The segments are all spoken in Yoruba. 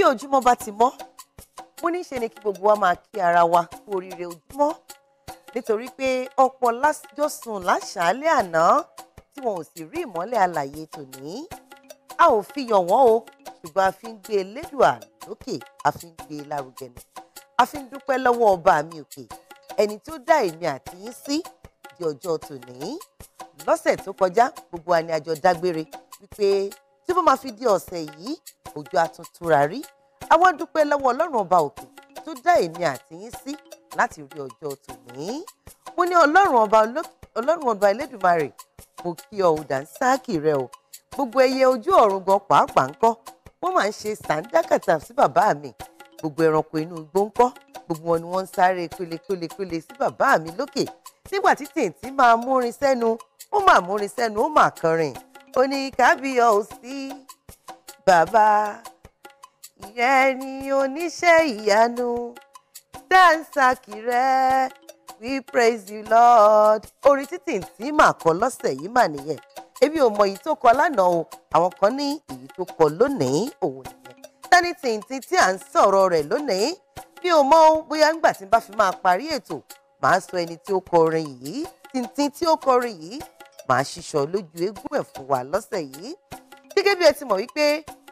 bí ojúmọ́ bá ti mọ́ mo ní ṣe ni kí gbogbo wa máa kí ara wa kú oríire ojúmọ́ nítorí pé ọ̀pọ̀ lájọ sùn láṣàálẹ́ àná tí wọn ò sì rí ìmọ́lẹ̀ alàyè tòní a ò fi yàn wọ́n o ṣùgbọ́n a fi ń gbé elédùà lókè a fi ń gbé e lárugẹ ni a fi ń dúpẹ́ lọ́wọ́ ọba mi òkè ẹni tó dá èmi àti yín sí di ọjọ́ tòní lọ́sẹ̀ tó kọjá gbogbo wa ni dágbére wípé tí wọ́n máa fi di ọ̀sẹ̀ yìí òjò àtúntúra rí àwa dúpẹ́ lọ́wọ́ ọlọ́run ọba òkè tó dá èmi àti yín sí láti rí ọjọ́ tòní mo ní ọlọ́run ọba ọlọ́run ọba elédùnmarè mo kí ọ ò dànsáàkì rẹ o gbogbo ẹyẹ ojú ọ̀run gan pàápàá ńkọ́ wọ́n máa ń ṣe sàǹdákàtà sí bàbá mi gbogbo ẹranko inú igbó ńkọ́ gbogbo wọn ni wọ́n ń sáré pélepélepéle sí bàbá mi lókè nígbà tí tèǹtì máa múrin sẹ́nu ó máa múrin sẹ́nu ó máa kọrin ó ní kábíyọ̀ sí bàbá ìyẹn ni oníṣẹ́ ìyanu dánsákì rẹ̀ we praise you lord orin títì tí màá kọ lọ́sẹ̀ yìí mà nìyẹn èmi ò mọ èyí tó kọ lánàá o àwọn kan ní èyí tó kọ lónìí òun nìyẹn tẹ́ni tìǹtì tí à ń sọ̀rọ̀ rẹ̀ lónìí mi ò mọ bóyá ńgbà tí n bá fi máa parí ètò màá sọ ẹni tí ó kọ yìí tìǹtì tí ó kọ yìí màá ṣiṣọ lójú eégún ẹ̀ fún wa lọ́sẹ̀ yìí gẹ́gẹ́ bí ẹ ti mọ̀ wípé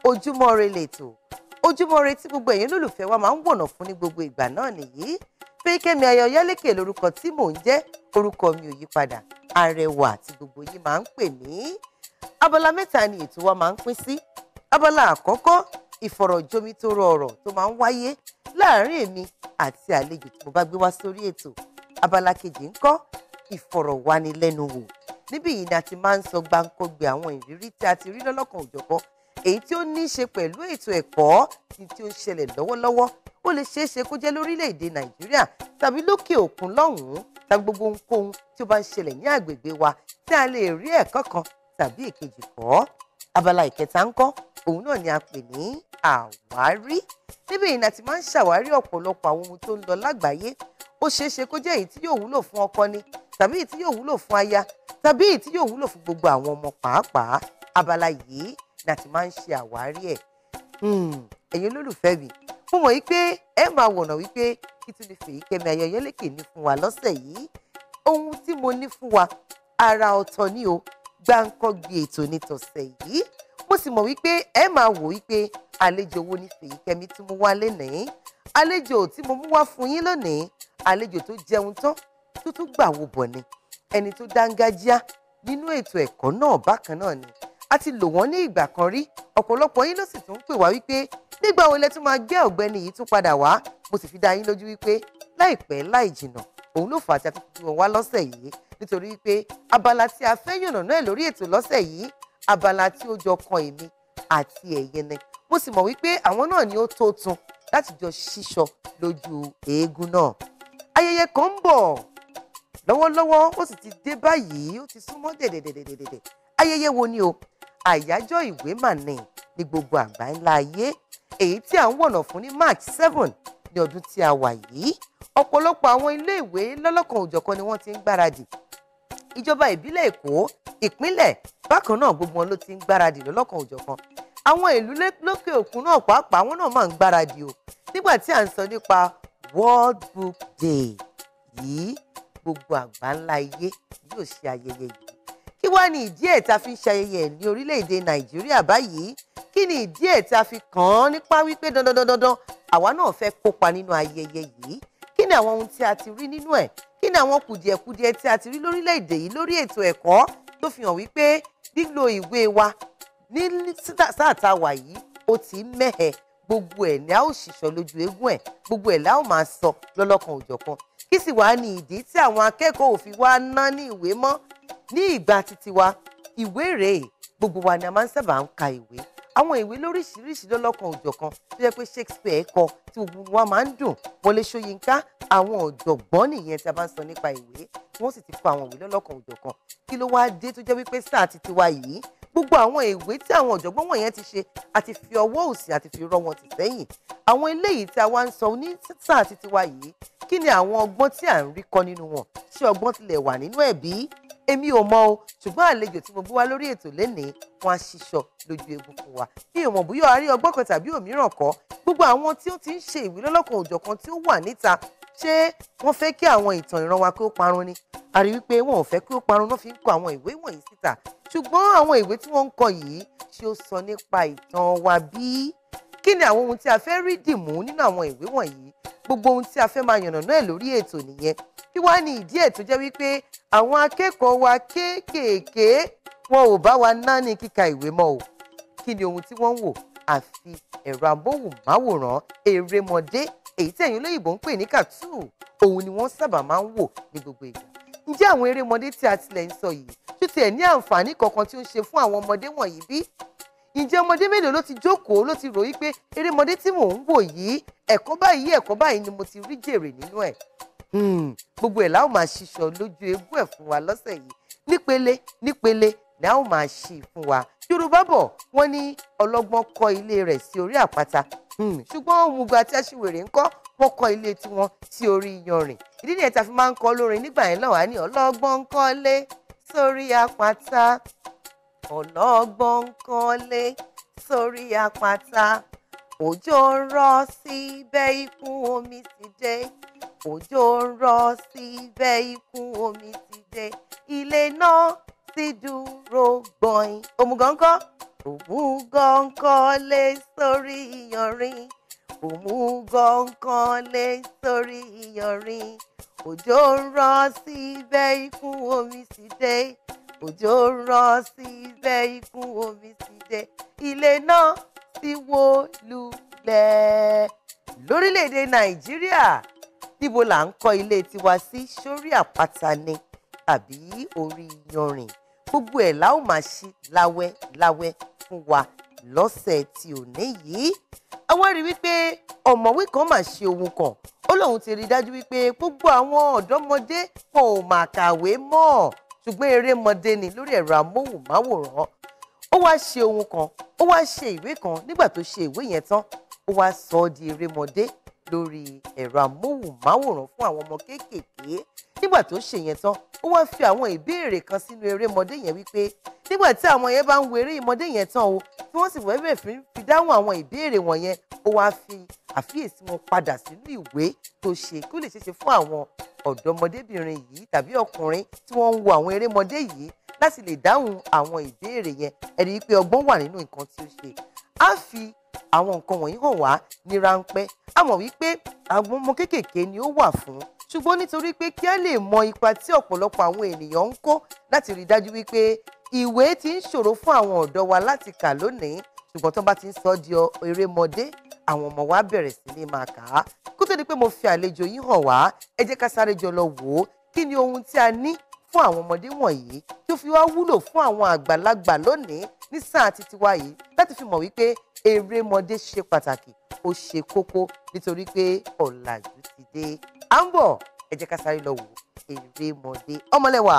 ojúmọ́ re lètò ojúmọ́ re tí gbogbo ẹ̀yìn olùfẹ́ wa máa ń wọ̀nà fún ní gbogbo ìgbà náà nìyí ayọ̀ Ọ̀yálékè lórúkọ tí mò ń jẹ́ orúkọ mi ò yí padà arẹwà tí gbogbo yìí máa ń pè mí abala mẹ́ta ni ètò wa máa ń pín sí abala àkọ́kọ́ ìfọ̀rọ̀jomitoro ọ̀rọ̀ tó máa ń wáyé láàárín èmi àti àlejò tí mo bá gbé wá sórí ètò abala kejì ńkọ́ ìfọ̀rọ̀wánilẹ́nuwò níbí yìí ni a ti máa ń sọ gbàǹkọgbè àwọn ìrírí tí a ti rí lọ́lọ́kan òjọ̀kan èyí tí ó ní í ṣe pẹ̀lú ètò ẹ̀kọ́ tí ó ń ṣẹlẹ̀ lọ́wọ́lọ́wọ́ ó lè ṣeé ṣe kó jẹ́ lórílẹ̀‐èdè nàìjíríà tàbí lókè òkun lọ́hùn-ún tàbí gbogbo ohunkóhun tí ó bá ń ṣẹlẹ̀ ní àgbègbè wa tí a lè rí ẹ̀kọ́ kan tàbí èkejì kọ́ abala ìkẹta ńkọ́ òun náà ni a pè ní àwárí níbi ìrìnà tí máa ń ṣàwárí ọ̀pọ̀lọpọ̀ àwọn ohun tó ń lọ lágbàáyé ó ṣeé ṣe kó jẹ́ èyí tí yóò wúlò fún ọkọ ni tàbí èyí tí yóò wúlò fún aya tàbí èyí tí yóò wúlò fún gbogbo àwọn ọmọ pàápàá abala yìí láti máa ń ṣe àwárí ẹ̀ hmm, ẹ̀yin olólùfẹ́ mi mo mọ̀ wípé ẹ máa wọ̀nà wípé kí tún lè fèyí kẹ́mi Ayọ̀yẹlé ní fún wa lọ́sẹ̀ yìí ohun tí mo ní fún wa ara ọ̀tọ̀ ni o gbáǹkọ́gbì ètò ní tọ̀sẹ̀ yìí mo sì mọ̀ wípé ẹ máa wò wípé àlejò wo ni fèyí kẹ́mi tí mo wá lénìí àlejò tí mo mú wá fún yín lónìí àlejò tó jẹun tán tó tún gbà bọ̀ ni ẹni tó dángájíá nínú ètò ẹ̀kọ́ náà bákan náà ni a ti lò wọ́n ní ìgbà kan rí ọ̀pọ̀lọpọ̀ yín ló sì tún ń pè wá wípé nígbà wo lẹ tún máa gbé ọ̀gbẹ́ni yìí tún padà wá mo sì fi dá yín lójú wípé láìpẹ́ láì jìnà òun ló fà á tí a fi wọn wá lọ́sẹ̀ yìí nítorí wípé abala tí a fẹ́ yànnàná ẹ̀ lórí ètò lọ́sẹ̀ yìí abala tí ó jọ kan èmi àti ẹ̀yẹ ni mo sì mọ̀ wípé àwọn náà ni ó tó tun láti jọ ṣíṣọ lójú eégún náà ayẹyẹ kan ń bọ̀ lọ́wọ́lọ́wọ́ ó sì ti dé báyìí ó ti súnmọ́ dẹ̀dẹ̀dẹ̀dẹ̀dẹ̀ ayẹyẹ wo ni o àyájọ́ ìwé mà ní ní gbogbo àgbáńlá ayé èyí tí à ń wọ̀nà fún ní March seven ní ọdún tí a wà yìí ọ̀pọ̀lọpọ̀ àwọn iléèwé lọ́lọ́kan òjọ̀kan ni wọ́n ti ń gbáradì ìjọba ìbílẹ̀ Èkó ìpínlẹ̀ bákan náà gbogbo wọn ló ti ń gbáradì lọ́lọ́kan òjọ̀kan àwọn ìlú lókè òkun náà pàápàá àwọn náà máa ń gbáradì o nígbà tí à ń sọ nípa World Book Day yìí gbogbo àgbáńlá ayé yóò ṣe ayẹyẹ yìí kí wá ní ìdí ẹ̀ tá a fi ń ṣayẹyẹ ní orílẹ̀-èdè nàìjíríà báyìí kí ni ìdí ẹ̀ tá a fi kàn án nípa wípé dandandandandan àwa náà fẹ́ kópa nínú ayẹyẹ yìí kí ni àwọn ohun tí a ti rí nínú ẹ̀ kí ni àwọn kùdìẹ̀kudiẹ tí a ti rí lórílẹ̀-èdè yìí lórí ètò ẹ̀kọ́ tó fi hàn wípé lílo ìwé wa ní sáà tá a wà yìí ó ti mẹ́hẹ̀ẹ́ gbogbo ẹ̀ ni a ó ṣìṣọ́ lójú eégún ẹ̀ gbogbo ẹ̀ la máa sọ lọ́lọ́kan òjọ̀kan kí sì wá ní ìdí tí àwọn akẹ́kọ̀ọ́ òfin wá ná ní ìwé mọ́ ní ìgbà títí wa ìwé rèé gbogbo wa ni a máa ń sábà ń ka ìwé àwọn ìwé lóríṣiríṣi lọ́lọ́kan òjọ̀kan tó yẹ pé Shakespeare kọ tí gbogbo wa máa ń dùn Wọlé Ṣóyínká àwọn ọ̀jọ̀gbọ́n nìyẹn tí a bá ń sọ nípa ìwé wọ́n sì ti kọ àwọn ìwé lọ́lọ́kan òjọ̀kan kí ló wá dé tó jẹ́ wípé sáà ti tiwa yìí gbogbo àwọn ìwé tí àwọn ọ̀jọ̀gbọ́n wọ̀nyẹn ti ṣe àti fi ọwọ́ òsì àti fi rọ wọn tì sẹ́yìn àwọn eléyìí tí a wá ń sọ ní sáà ti tiwa yìí kí ni àwọn ọgbọ́n tí à ń rí kọ́ nínú wọn ṣé ọgbọ́n tilẹ̀ wà nínú ẹ̀ èmi ò mọ o ṣùgbọ́n àlejò tí mo bú wá lórí ètò lénìí wọn á ṣiṣọ lójú egun fún wa bí ìwọ̀n bóyá a rí ọgbọ́n kan tàbí òmíràn kọ́ gbogbo àwọn tí ó ti ń ṣe ìwé lọ́lọ́kan òjọ̀kan tí ó wà níta ṣé wọ́n fẹ́ kí àwọn ìtàn ìran wa kí ó parun ni a rí wípé wọn ò fẹ́ kí ó parun náà fi ń kọ àwọn ìwé wọ̀nyí síta ṣùgbọ́n àwọn ìwé tí wọ́n ń kọ yìí ṣé ó sọ nípa ìtàn wa bí kí gbogbo ohun tí a fẹ́ máa yànnàná ẹ̀ lórí ètò nìyẹn kí wá ní ìdí ẹ̀ tó jẹ́ wípé àwọn akẹ́kọ̀ọ́ wa kéékèèké wọn ò bá wa ná kíka ìwé mọ́ o kí ni ohun tí wọ́n ń wò àfi ẹ̀rọ amóhùnmáwòrán erémọdé èyí tí ẹ̀yin olóyìnbó ń pè ní kàtúù òun ni wọ́n sábà máa ń wò ní gbogbo ìgbà ǹjẹ́ àwọn erémọdé tí a tilẹ̀ ń sọ yìí tún tiẹ̀ ní àǹfààní kankan tí ó ń ṣe fún àwọn ọmọdé wọ̀nyí bí ǹjẹ́ ọmọdé mélòó ló ti jókòó ló ti ròyìn pé erémọdé tí mò ń wò yìí ẹ̀kọ́ báyìí ẹ̀kọ́ báyìí ni mo ti rí jèrè nínú ẹ̀ hmm, gbogbo ẹ̀ láwọn máa ṣiṣọ lójú egbú ẹ̀ fún wa lọ́sẹ̀ yìí nípele nípele láwọn máa ṣe fún wa yorùbá bọ̀ wọ́n ní ọlọ́gbọ́n kọ́ ilé rẹ̀ sí orí àpáta hmm, ṣùgbọ́n òmùgọ̀ àti aṣiwèrè ńkọ́ wọ́n kọ́ ilé tiwọn sí orí iyanrìn ìdí nìyẹn tá fi máa ń kọ lórin nígbà yẹn lọ́wọ́ ọlọ́gbọ́n ń kọ́lé sórí àpáta òjò ń rọ̀ síbẹ̀ ikún omi ti dé òjò ń rọ̀ síbẹ̀ ikún omi ti dé ilé náà ti dúró gbọ̀nyìn òmùgọ́ńkọ́ òmùgọ́ńkọ́lé sórí iyanrìn òmùgọ́ńkọ́lé sórí iyanrìn òjò ń rọ̀ síbẹ̀ ikún omi ti dé òjò rọ̀ síbẹ̀ ikún omi sì dé ilé náà sì wó lulẹ̀. lórílẹ̀‐èdè nàìjíríà níbo là ń kọ́ ilé tiwa sí sórí àpáta ni tàbí orí yanrìn gbogbo ẹ̀ la ó máa ṣí láwẹ́láwẹ́ fún wa lọ́sẹ̀ tí ò ní yìí. àwa rí wípé ọ̀mọ̀wé kan máa ṣe ohun kan ó lóun ti rí dájú wípé gbogbo àwọn ọ̀dọ́mọdé wọn ò mà kàwé mọ́ ṣùgbọ́n erémọdé ni lórí ẹ̀rọ amóhùnmáwòrán ó wá ṣe ohun kan ó wá ṣe ìwé kan nígbà tó ṣe ìwé yẹn tán ó wá sọ ọ́ di erémọdé lórí ẹ̀rọ amóhùnmáwòrán fún àwọn ọmọ kéékèèké nígbà tó ṣe yẹn tán ó wá fi àwọn ìbéèrè kan sínú erémọdé yẹn wípé nígbà tí àwọn yẹn bá ń wo erémọdé yẹn tán o tí wọ́n sì wẹ́wẹ́ fi dáhùn àwọn ìbéèrè wọ̀nyẹn ó wá fi àfíyèsí wọn padà sínú ìwé tó ṣe kó lè ṣeéṣe fún àwọn ọ̀dọ́mọdébìnrin yìí tàbí ọkùnrin tí wọ́n ń wo àwọn erémọdé yìí láti lè dáhùn àwọn ìbéèrè yẹn ẹ rí i pé ọgbọ́n wà nínú nǹkan tí ó ṣe á fi àwọn nǹkan wọ̀nyí hàn wá ní ráńpẹ́ a mọ̀ wípé àwọn ọmọ kéékèèké ni ó wà fún ṣùgbọ́n nítorí pé kí á lè mọ ipa tí ọ̀pọ̀lọpọ̀ àwọn ènìyàn ń kó láti rí i dájú wípé ìwé ti ń ṣòro fún àwọn ọ̀dọ́ wa láti kà lónìí ṣùgbọ́n tó bá ti ń sọ di erémọdé àwọn ọmọ wa bẹ̀rẹ̀ sí ní máa kà á kó tó di pé mo fi àlejò yín hàn wá ẹ jẹ́ ká sáré jọ lọ wò ó kí ni ohun tí a ní fún àwọn ọmọdé wọ̀nyí tí fi wá wúlò fún àwọn àgbàlagbà lónìí ní sáà títí wa láti fi mọ̀ wípé erémọdé ṣe pàtàkì ó ṣe kókó nítorí pé ọ̀làjú ti dé à ń bọ̀ ẹ jẹ́ ká sáré lọ wò erémọdé ọmọlẹ́wà.